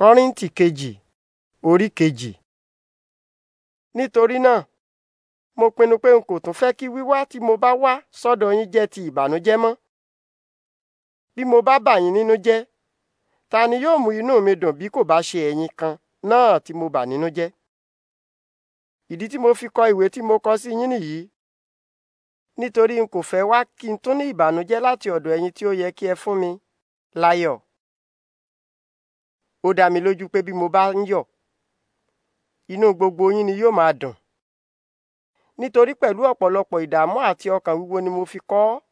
kọ́ríntì kejì orí kejì. nítorí náà mo pinnu pé n kò tún fẹ́ kí wíwá tí mo bá wá sọ́dọ̀ yín jẹ́ ti ìbànújẹ́ mọ́. bí mo bá bà yín nínú jẹ́ ta ni yóò mú inú mi dùn bí kò bá ṣe ẹ̀yin kan náà tí mo bà nínú jẹ́. ìdí tí mo fi kọ ìwé tí mo kọ sí yín nìyí nítorí n kò fẹ́ wá kí n tún ní ìbànújẹ́ láti ọ̀dọ̀ ẹ̀yin tí ó yẹ kí ẹ fún mi láyọ̀. ó dá mi lójú pé bí mo bá ń yọ̀ inú gbogbo yín ni yóò máa dùn nítorí pẹ̀lú ọ̀pọ̀lọpọ̀ ìdààmú àti ọkàn wíwo ni mo fi kọ ọ́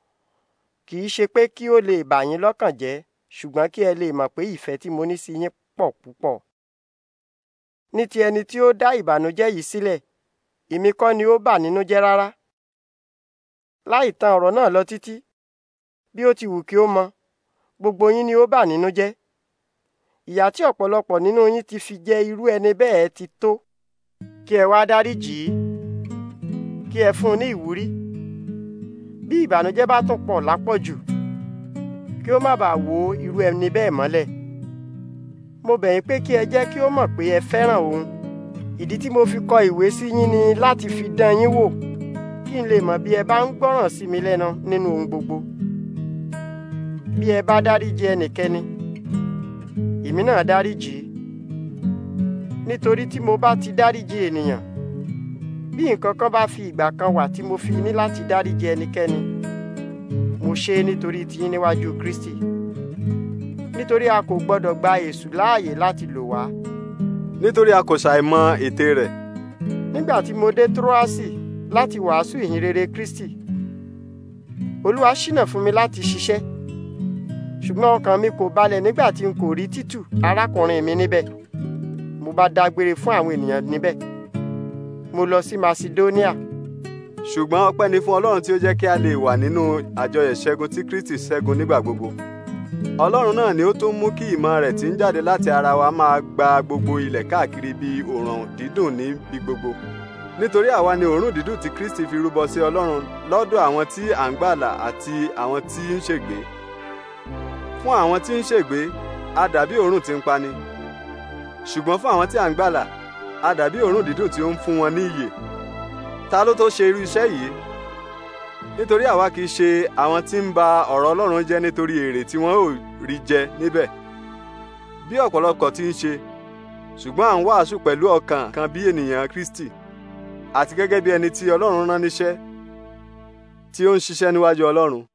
kì í ṣe pé kí ó lè bà yín lọ́kàn jẹ́ ṣùgbọ́n kí ẹ lè mọ̀ pé ìfẹ́ tí mo ní sí yín pọ̀ púpọ̀ ní ti ẹni tí ó dá ìbànújẹ́ yìí sílẹ̀ èmi kọ́ ni ó bà nínú jẹ́ rárá láì tan ọ̀rọ̀ náà lọ títí bí ó ti wù kí ó mọ gbogbo yín ni ó bà nínú jẹ́ ìyà tí ọ̀pọ̀lọpọ̀ nínú yín ti fi jẹ irú ẹni bẹ́ẹ̀ ti tó kí ẹ wá dáríjì í kí ẹ fún un ní ìwúrí bí ìbànújẹ́ bá tún pọ̀ lápọ̀jù kí ó má bàa wo irú ẹni bẹ́ẹ̀ mọ́lẹ̀ mo bẹ̀ pé kí ẹ jẹ́ kí ó mọ̀ pé ẹ fẹ́ràn òun ìdí tí mo fi kọ ìwé sí yín ni láti fi dán yín wò kí n lè mọ̀ bí ẹ bá ń gbọ́ràn sí mi lẹ́nu nínú ohun gbogbo bí ẹ bá dáríjì ẹnikẹ́ni èmi náà dáríjì nítorí tí mo bá ti dáríjì ènìyàn bí nǹkan kan bá fi ìgbà kan wà tí mo fi ní láti dáríjì ẹnikẹ́ni mo ṣe é nítorí tiyín níwájú Kristi nítorí a kò gbọdọ̀ gba èṣù láàyè láti lò wá. nítorí a kò ṣàìmọ̀ ète rẹ̀. nígbà tí mo dé Troasi láti wàásù ìhìn rere Kristi Olúwa ṣínà fún mi láti ṣiṣẹ́ ṣùgbọ́n ọkàn mi kò balẹ̀ nígbà tí n kò rí títù arákùnrin mi níbẹ̀ mo bá dágbére fún àwọn ènìyàn níbẹ̀ mo lọ sí Macedonia. ṣùgbọ́n ọpẹ́ ni fún Ọlọ́run tí ó jẹ́ kí a lè wà nínú àjọyọ̀ ìṣẹ́gun tí Kristi ṣẹ́gun nígbà gbogbo Ọlọ́run náà ni ó tún mú kí ìmọ̀ rẹ̀ tí ń jáde láti ara wa máa gba gbogbo ilẹ̀ káàkiri bí òòrùn dídùn níbi gbogbo nítorí àwa ni òórùn dídùn tí Kristi fi rúbọ sí Ọlọ́run lọ́dọ̀ àwọn tí à ń gbàlà àti àwọn tí ń ṣègbé fún àwọn tí ń ṣègbé a dàbí òórùn tí ń pani ṣùgbọ́n fún àwọn tí à ń gbàlà a dàbí òórùn dídùn tí ó ń fún wọn ní iyè ta ló tó ṣe irú iṣẹ́ yìí nítorí àwa kì í ṣe àwọn tí ń ba ọ̀rọ̀ Ọlọ́run jẹ́ nítorí èrè tí wọ́n ò rí jẹ níbẹ̀ bí ọ̀pọ̀lọpọ̀ ti ń ṣe ṣùgbọ́n à ń wàásù pẹ̀lú ọkàn kan bí ènìyàn Kristi àti gẹ́gẹ́ bí ẹni tí Ọlọ́run rán níṣẹ́ tí ó ń ṣiṣẹ́ níwájú Ọlọ́run